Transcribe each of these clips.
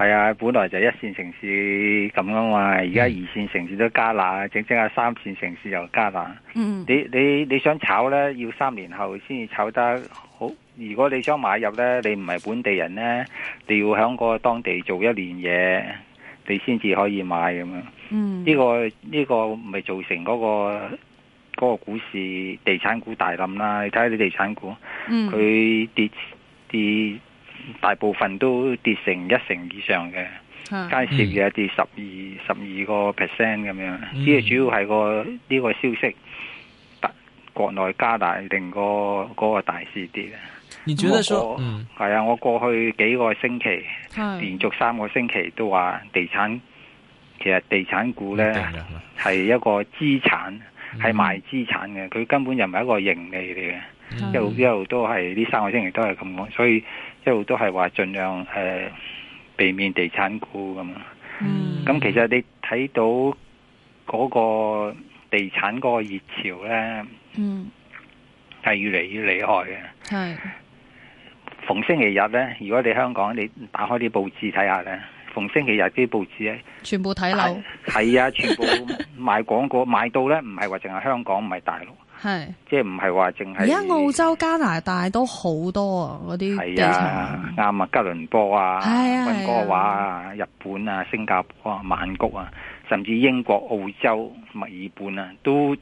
係啊，本來就係一線城市咁啊嘛，而家二線城市都加辣，整整下三線城市又加辣。嗯，你你你想炒咧，要三年後先至炒得好。如果你想買入咧，你唔係本地人咧，你要喺個當地做一年嘢，你先至可以買咁樣。嗯，呢個呢個咪造成嗰個嗰個股市、地產股大冧啦。你睇下啲地產股，佢跌跌。跌跌大部分都跌成一成以上嘅，介少嘅跌十二十二個 percent 咁樣，只係、嗯、主要係個呢、嗯、個消息，國內加大令個嗰、那個大市跌啊！你覺得係、嗯、啊，我過去幾個星期，嗯、連續三個星期都話地產，其實地產股咧係一,一個資產，係、嗯、賣資產嘅，佢根本就唔係一個盈利嚟嘅。又、嗯、一路都係呢三個星期都係咁講，所以一路都係話盡量誒、呃、避免地產股咁啊。咁、嗯、其實你睇到嗰個地產嗰個熱潮咧，係、嗯、越嚟越厲害嘅。係是逢星期日咧，如果你香港你打開啲報紙睇下咧，逢星期日啲報紙咧，全部睇樓，係啊，全部賣廣告，賣 到咧唔係話淨係香港，唔係大陸。係，是即係唔係話淨係而家澳洲、加拿大都好多那些是啊！嗰啲係啊，啱啊，吉倫波啊，温哥華啊，啊啊啊日本啊，新加坡啊，曼谷啊，甚至英國、澳洲、墨爾本啊，都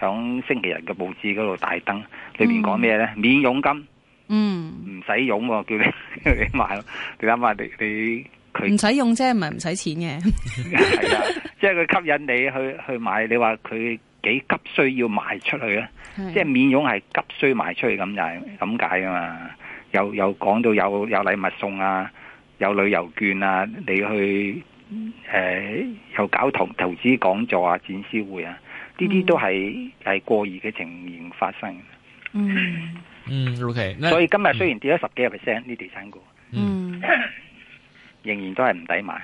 響星期日嘅報紙嗰度大登。裏邊講咩咧？嗯、免佣金，嗯，唔使佣，叫你 你買，你諗下你你佢唔使用啫，唔咪唔使錢嘅，係 啊，即係佢吸引你去去買，你話佢。幾急需要賣出去啊？是即係免佣係急需賣出去，咁就係咁解噶嘛。又又講到有有禮物送啊，有旅遊券啊，你去誒、呃、又搞投投資講座啊、展銷會啊，呢啲都係係、嗯、過熱嘅情形發生嗯。嗯 o、okay. k 所以今日雖然跌咗十幾個 percent 呢地產股，仍然都係唔抵買，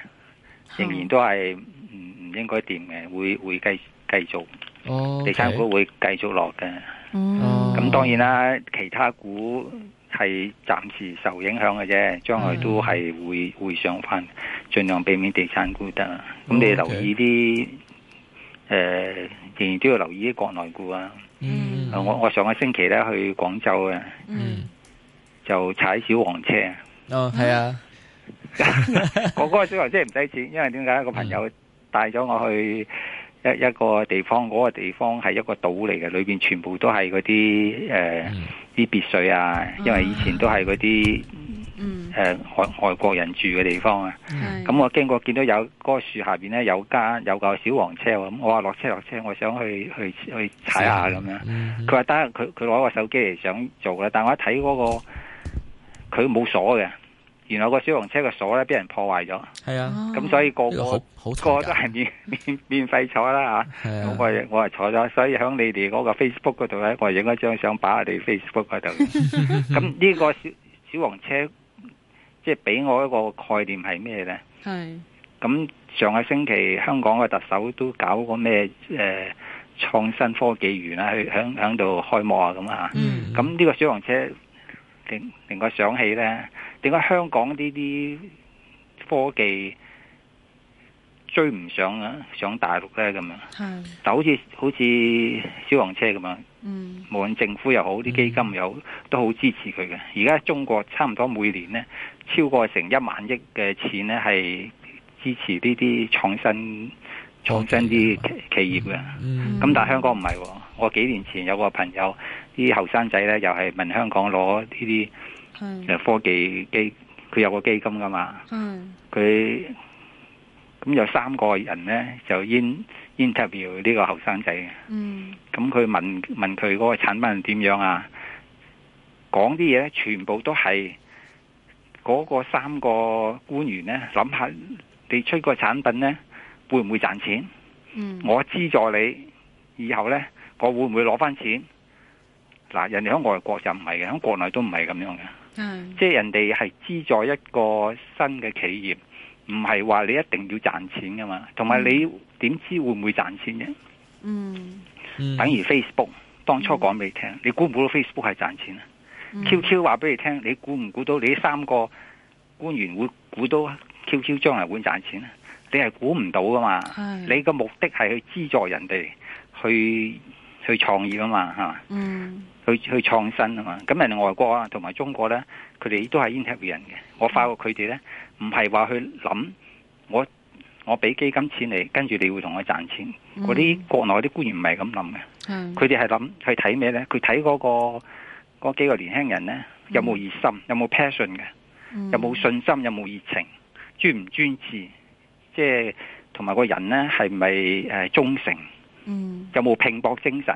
仍然都係唔唔應該掂嘅，會會繼繼續。Oh, okay. 地產股會繼續落嘅，咁、mm. 當然啦，其他股係暫時受影響嘅啫，將來都係會會上翻，盡量避免地產股得啦。咁你留意啲，誒、oh, okay. 呃、仍然都要留意啲國內股啊。嗯、mm.，我我上個星期咧去廣州啊，嗯，mm. 就踩小黃車。哦，係啊，我嗰 個，個小黃車唔使錢，因為點解？一個朋友帶咗我去。一一個地方，嗰、那個地方係一個島嚟嘅，裏邊全部都係嗰啲誒啲別墅啊，因為以前都係嗰啲誒外外國人住嘅地方啊。咁、mm. 嗯嗯、我經過見到有嗰樹、那個、下邊咧有間有架小黃車，咁我話落車落車，我想去去去踩下咁、mm. 樣。佢話得，佢佢攞個手機嚟想做啦，但我一睇嗰、那個佢冇鎖嘅。他沒有鎖的。然後個小黃車個鎖咧，俾人破壞咗。係啊，咁、嗯啊、所以個個個，個，個，個都係免免免費坐啦吓、啊。我我係坐咗，所以響你哋嗰個 Facebook 嗰度咧，我係影咗張相，擺喺你哋 Facebook 嗰度。咁呢個小小黃車，即係俾我一個概念係咩咧？係是。咁上個星期香港嘅特首都搞個咩誒創新科技園啊，去響響度開幕啊咁啊。嗯。咁呢個小黃車令令我想起咧。點解香港呢啲科技追唔上啊？上大陸咧咁是的 樣，就好似好似消防車咁樣，無論政府又好，啲基金又好，都好支持佢嘅。而家中國差唔多每年咧超過成一萬億嘅錢咧，係支持呢啲創新創新啲企業嘅。咁、嗯嗯、但係香港唔係，我幾年前有個朋友，啲後生仔咧又係問香港攞呢啲。是科技基佢有個基金噶嘛？佢咁是有三個人咧就 int interview 呢個後生仔嘅。咁佢、嗯、問問佢個產品點樣啊？講啲嘢咧全部都係嗰個三個官員咧諗下你出個產品咧會唔會賺錢？嗯、我資助你以後咧我會唔會攞翻錢？嗱，人哋喺外國就唔係嘅，喺國內都唔係咁樣嘅。嗯，即係人哋係資助一個新嘅企業，唔係話你一定要賺錢噶嘛，同埋你點知會唔會賺錢啫？嗯，等於 Facebook 當初講俾你聽，你估唔估到 Facebook 係賺錢啊？QQ 話俾你聽，你估唔估到你三個官員會估到 QQ 將來會賺錢啊？你係估唔到噶嘛？是你個目的係去資助人哋去。去創意啊嘛，嗯、去去創新啊嘛。咁人哋外國啊，同埋中國咧，佢哋都係 interview 人嘅。我發覺佢哋咧，唔係話去諗，我我俾基金錢你，跟住你會同我賺錢。嗰啲國內啲官員唔係咁諗嘅，佢哋係諗去睇咩咧？佢睇嗰個嗰幾個年輕人咧，有冇熱心，嗯、有冇 passion 嘅，嗯、有冇信心，有冇熱情，專唔專注，即係同埋個人咧，係咪誒忠誠？嗯，就有冇拼搏精神？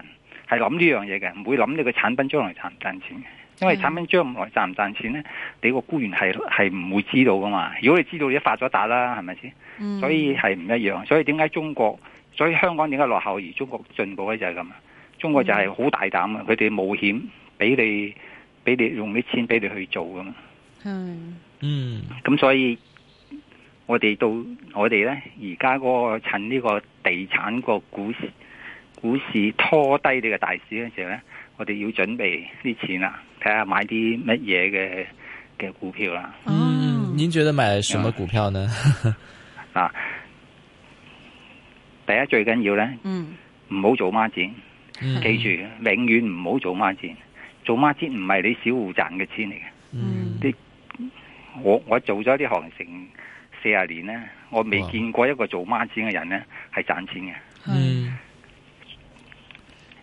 係諗呢樣嘢嘅，唔會諗你個產品將來賺唔賺錢嘅。因為產品將來賺唔賺錢咧，你個官員係係唔會知道噶嘛。如果你知道你了了，你都發咗達啦，係咪先？嗯，所以係唔一樣。所以點解中國，所以香港點解落後而中國進步咧就係、是、咁。中國就係好大膽啊！佢哋、嗯、冒險，俾你俾你用啲錢俾你去做噶嘛。嗯，嗯，咁所以。我哋到我哋咧，而家嗰個趁呢個地產個股市股市拖低你嘅大市嘅時候咧，我哋要準備啲錢啊，睇下買啲乜嘢嘅嘅股票啦。嗯、哦，您覺得買什麼股票呢？啊、嗯 ，第一最緊要咧，嗯，唔好做孖展，嗯、記住永遠唔好做孖展，做孖展唔係你小戶賺嘅錢嚟嘅。嗯，啲我我做咗啲行程。四十年咧，我未見過一個做孖展嘅人咧係賺錢嘅。嗯，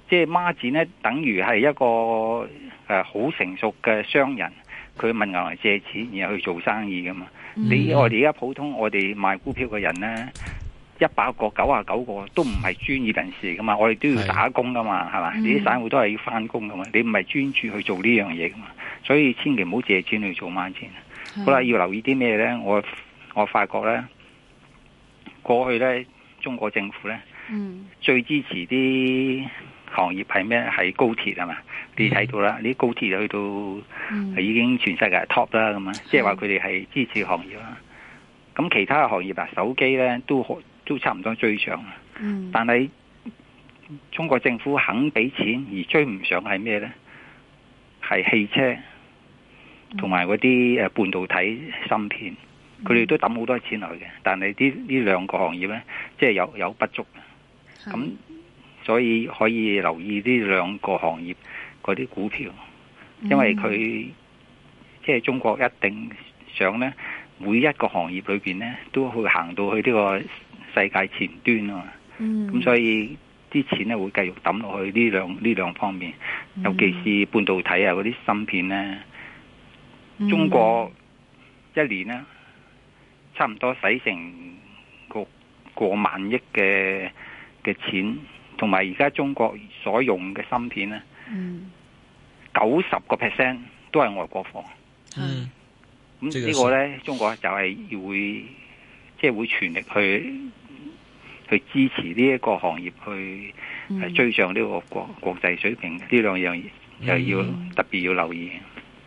即係孖展咧，等於係一個誒好、呃、成熟嘅商人，佢問銀行借錢然後去做生意噶嘛。嗯、你我哋而家普通我哋賣股票嘅人咧，一百個九啊九個都唔係專業人士噶嘛，我哋都要打工噶嘛，係是嘛？你啲散戶都係要翻工噶嘛，你唔係專注去做呢樣嘢噶嘛，所以千祈唔好借錢去做孖展。是好啦，要留意啲咩咧？我我發覺咧，過去咧，中國政府咧，嗯、最支持啲行業係咩？係高鐵啊嘛？你睇到啦，啲、嗯、高鐵就去到已經全世界 top 啦，咁樣、嗯，即係話佢哋係支持行業啦。咁、嗯、其他行業啊，手機咧都都差唔多追上。嗯、但係中國政府肯俾錢而追唔上係咩咧？係汽車同埋嗰啲誒半導體芯片。佢哋都抌好多錢落去嘅，但係呢呢兩個行業呢，即係有有不足的，咁的、嗯、所以可以留意呢兩個行業嗰啲股票，因為佢即係中國一定想呢，每一個行業裏邊呢，都去行到去呢個世界前端啊，嘛。咁的、嗯、所以啲錢呢會繼續抌落去呢兩呢兩方面，尤其是半導體啊嗰啲芯片呢，的嗯、中國一年呢，差唔多使成個過萬億嘅嘅錢，同埋而家中國所用嘅芯片咧，九十個 percent 都係外國貨。係咁呢個咧，嗯、係中國就係會即係、就係、會全力去去支持呢一個行業，去係追上呢個國國際水平。呢兩樣嘢又要特別要留意。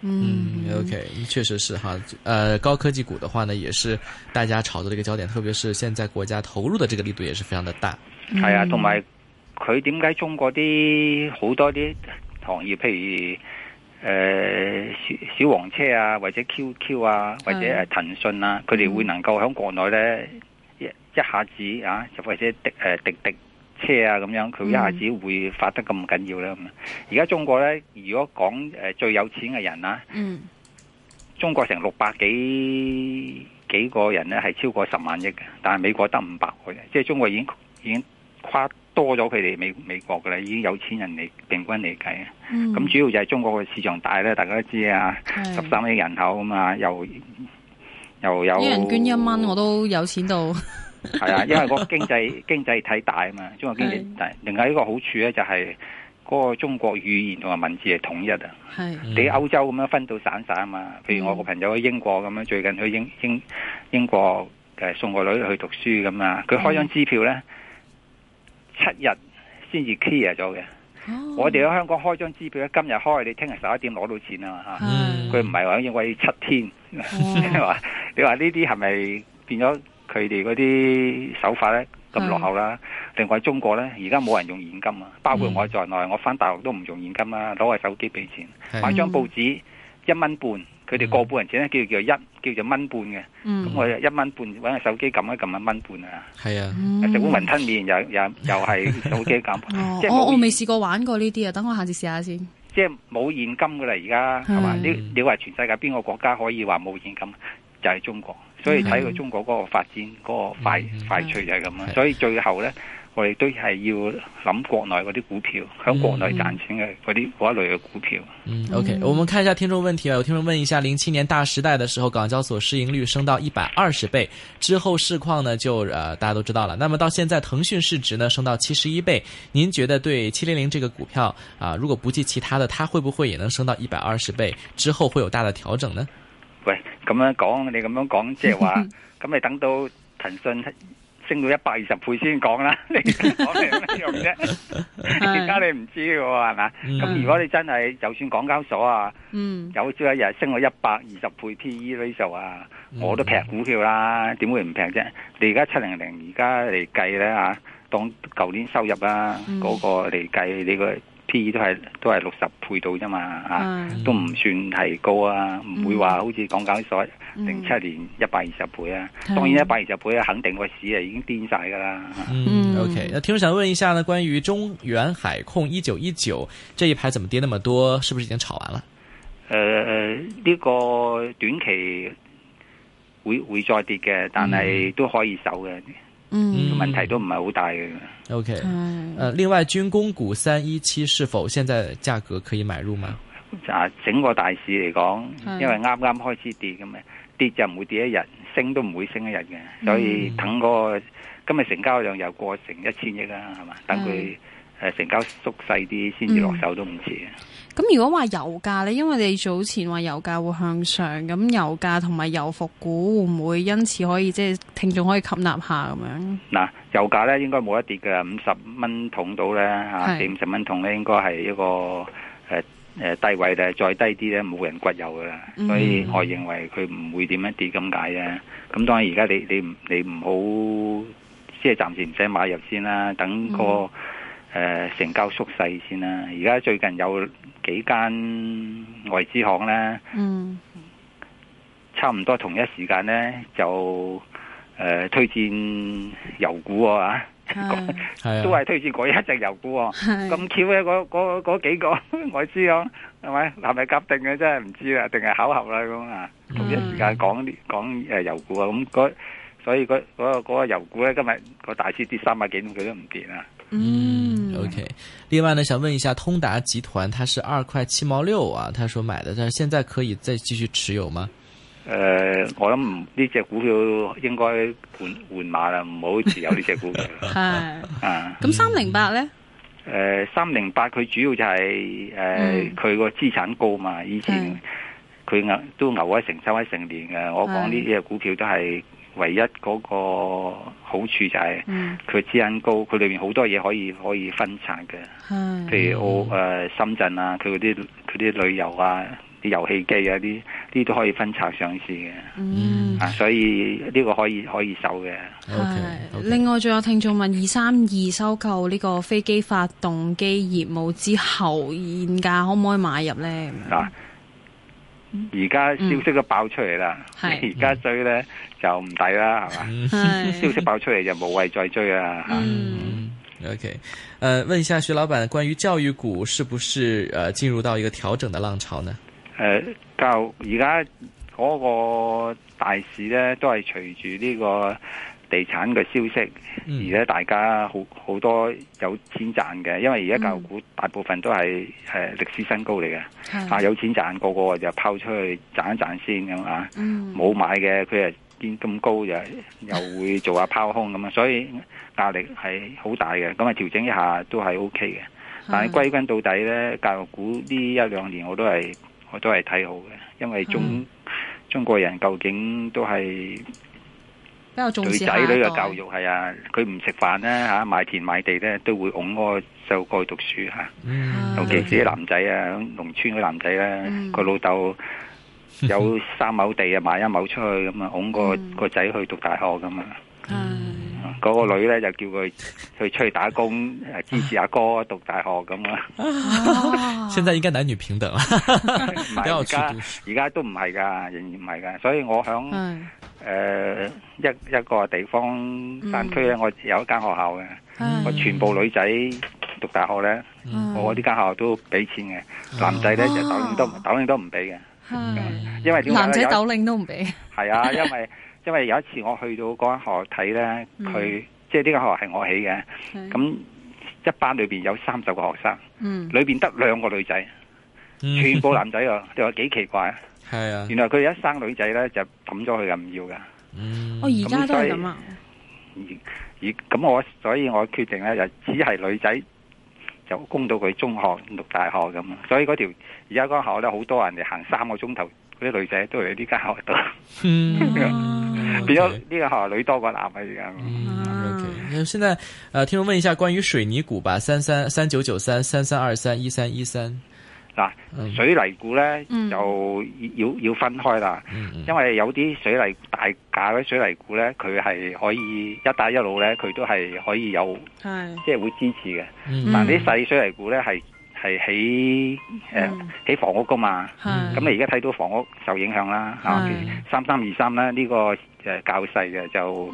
嗯，嗯，OK，確實是哈，呃，高科技股的話呢，也是大家炒作的一個焦點，特別是現在國家投入的這個力度也是非常的大。係、嗯、啊，同埋佢點解中國啲好多啲行業，譬如誒、呃、小，小黃車啊，或者 QQ 啊，或者誒騰訊啊，佢哋、嗯、會能夠喺國內咧一一下子啊，就或者滴誒滴滴。呃滴滴車啊咁樣，佢一下子會發得咁緊要咧。而家、嗯、中國咧，如果講誒、呃、最有錢嘅人啊，嗯、中國成六百幾幾個人咧，係超過十萬億嘅。但係美國得五百個，即係中國已經已經跨多咗佢哋美美國噶啦。已經有錢人嚟平均嚟計啊。咁、嗯、主要就係中國嘅市場大咧，大家都知啊，十三億人口啊嘛，又又有。一人捐一蚊，我都有錢到。 係 啊，因為嗰個經濟經濟太大啊嘛，中國經濟大。另外是一個好處咧，就係嗰個中國語言同埋文字係統一啊。係是。你歐洲咁樣分到散散啊嘛，譬如我個朋友喺英國咁樣，嗯、最近去英英英國誒送個女去讀書咁啊，佢開張支票咧是七日先至 clear 咗嘅。哦、嗯。我哋喺香港開張支票咧，今日開你聽日十一點攞到錢啊嘛吓。嗯。佢唔係話因為七天，哦、 你話你話呢啲係咪變咗？佢哋嗰啲手法咧咁落後啦，是另外中國咧而家冇人用現金啊，包括我在內，嗯、我翻大陸都唔用現金啦，攞個手機俾錢，是買張報紙一蚊半，佢哋個半人錢咧叫叫一，叫做蚊半嘅，咁、嗯嗯、我一蚊半揾個手機撳一撳一蚊半啊，係啊、嗯，食碗雲吞麵又又又係手機撳， 哦、即係我我未試過玩過呢啲啊，等我下次試下先。即係冇現金㗎啦，而家係嘛？你你話全世界邊個國家可以話冇現金？就係中國，所以睇佢中國嗰個發展嗰、mm hmm. 個快、mm hmm. 快脆就係咁、mm hmm. 所以最後呢，我哋都係要諗國內嗰啲股票喺國內賺錢嘅嗰啲嗰一類嘅股票。嗯、mm hmm.，OK，我們看一下聽眾問題啊！有聽眾問一下，零七年大時代的時候，港交所市盈率升到一百二十倍之後市況呢？就，呃，大家都知道了。那麼到現在，騰訊市值呢升到七十一倍，您覺得對七零零這個股票啊、呃，如果不計其他的，它會不會也能升到一百二十倍之後會有大的調整呢？喂，咁樣講，你咁樣講，即係話，咁 你等到騰訊升到一百二十倍先講啦， 你講嚟乜用啫？而家 你唔知嘅係嘛？咁 如果你真係 就算港交所啊，有朝一日升到一百二十倍 P E ratio 啊，我都劈股票啦，點會唔劈啫？你而家七零零而家嚟計咧吓，當舊年收入啊嗰 個嚟計你個。都係都係六十倍到啫嘛，都唔、啊、算太高啊，唔、嗯、會話好似講緊所謂零七年一百二十倍啊。嗯、當然一百二十倍啊，肯定個市啊已經癲晒噶啦。嗯，OK，那聽眾想問一下呢，關於中原海控一九一九這一排怎麼跌那麼多，是不是已經炒完了？誒誒、呃、呢、這個短期會會再跌嘅，但係都可以守嘅。嗯，問題都唔係好大嘅。O K，誒，另外軍工股三一七是否現在價格可以買入嗎？啊，整個大市嚟講，因為啱啱開始跌嘅嘛，跌就唔會跌一日，升都唔會升一日嘅，所以等個、嗯、今日成交量又過成一千億啦、啊，係嘛，等佢誒、嗯呃、成交縮細啲先至落手都唔遲。嗯咁如果話油價咧，因為你早前話油價會向上，咁油價同埋油服股會唔會因此可以即係聽眾可以吸納下咁樣？嗱，油價咧應該冇得跌㗎啦，五十蚊桶到咧吓，四五十蚊桶咧應該係一個誒誒低位咧，再低啲咧冇人掘油㗎喇，所以我認為佢唔會點樣跌咁解嘅。咁當然而家你你唔你唔好即係暫時唔使買入先啦，等個。誒、呃，成交縮細先啦。而家最近有幾間外資行咧，嗯、差唔多同一時間咧就誒、呃、推薦油股啊，都係推薦嗰一隻油股。咁巧嘅嗰嗰嗰幾個 外資行係咪係咪夾定嘅？真係唔知啊，定係巧合啦？咁啊，同一時間講講誒油股啊，咁所以嗰、那、嗰個、那個油股咧，今日個大市跌三百幾蚊，佢都唔跌啊。嗯，OK。另外呢，想問一下通達集團，它是二塊七毛六啊，他說買的，但係現在可以再繼續持有嗎？誒、呃，我諗呢隻股票應該換換馬啦，唔好持有呢隻股票啦係 是啊，咁三零八咧？誒、呃，三零八佢主要就係、是、誒，佢、呃、個、嗯、資產高嘛，以前佢牛都牛咗成喺成年嘅。我講呢隻股票都係。唯一嗰個好處就係佢資金高，佢裏面好多嘢可以可以分拆嘅，譬如我誒深圳啊，佢嗰啲佢啲旅遊啊，啲遊戲機啊，啲啲都可以分拆上市嘅。嗯、啊，所以呢個可以可以收嘅。Okay, okay. 另外仲有聽眾問：二三二收購呢個飛機發動機業務之後現價可唔可以買入呢？嗱而家消息都爆出嚟啦，而家、嗯、追咧、嗯、就唔抵啦，係嘛？消息爆出嚟就無謂再追啊。 嗯，OK，誒、呃，問一下徐老闆，關於教育股是不是誒進、呃、入到一個調整嘅浪潮呢？誒、呃，就而家嗰個大市咧，都係隨住呢個。地產嘅消息，而家大家好好多有錢賺嘅，因為而家教育股大部分都係誒歷史新高嚟嘅，是的 啊有錢賺個個就拋出去賺一賺先咁啊，冇、嗯、買嘅佢又見咁高又又會做下拋空咁啊， 所以壓力係好大嘅，咁啊調整一下都係 O K 嘅，但係歸根到底咧，教育股呢一兩年我都係我都係睇好嘅，因為中是的 中國人究竟都係。對仔女嘅教育，係啊，佢唔食飯咧吓，買田買地咧都會拱個就過去讀書吓，尤其是啲男仔啊，喺農、嗯、村嗰啲男仔咧，個、嗯、老豆有三畝地啊，買一畝出去咁啊，拱個、嗯、個仔去讀大學咁啊。嗰個女咧就叫佢去出去打工，支持阿哥讀大學咁啊！現在應該男女平等啦，唔係而家而家都唔係㗎，仍然唔係㗎。所以我響誒一一個地方山區咧，我有一間學校嘅，我全部女仔讀大學咧，我呢間學校都俾錢嘅，男仔咧就豆領都豆領都唔俾嘅，因為點解有男仔豆領都唔俾？係啊，因為。因為有一次我去到嗰間學校睇咧，佢即係呢間學校係我起嘅，咁一班裏邊有三十個學生，裏邊得兩個女仔，全部男仔啊，你話幾奇怪啊？係啊！原來佢一生女仔咧就抌咗佢嘅，唔要㗎。我而家都係咁啊！而而咁我所以我決定咧就只係女仔就供到佢中學讀大學咁。所以嗰條而家嗰間學校咧好多人哋行三個鐘頭，嗰啲女仔都嚟呢間學校度。變咗呢個吓女多過男啊而家，嗯，咁啊，現在，誒、嗯 okay. 呃，聽眾問一下關於水泥股吧，三三三九九三三三二三一三一三，嗱，水泥股咧，嗯、就要要分開啦，嗯嗯因為有啲水泥大價嘅水泥股咧，佢係可以一帶一路咧，佢都係可以有，係、哎，即係會支持嘅，嗯，嗯，但啲細水泥股咧係。係喺誒喺房屋噶嘛，咁你而家睇到房屋受影響啦嚇，譬如三三二三啦，呢個誒較細嘅就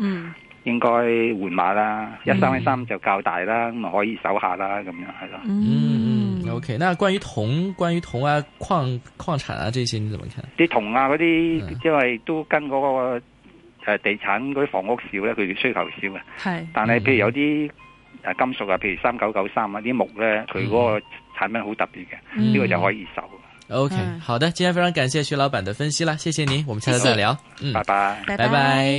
應該換碼啦，一三一三就較大啦，咁咪可以守下啦咁樣係咯。嗯嗯，OK。那關於銅、關於銅啊、礦礦產啊這些，你點睇？啲銅啊嗰啲，即係都跟嗰個誒地產嗰啲房屋少咧，佢哋需求少嘅。係。但係譬如有啲誒金屬啊，譬如三九九三啊，啲木咧佢嗰個。產品好特別嘅，呢個就可以收。OK，嗯、好的，今天非常感謝徐老闆的分析啦，謝謝您，我們下次再聊，嗯，拜拜，拜拜。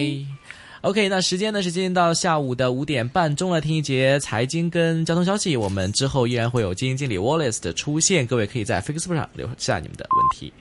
OK，那時間呢是接近到下午的五點半鐘啦，了聽一節財經跟交通消息，我們之後依然會有經營經理 Wallace 的出現，各位可以在 Facebook 上留下你們的問題。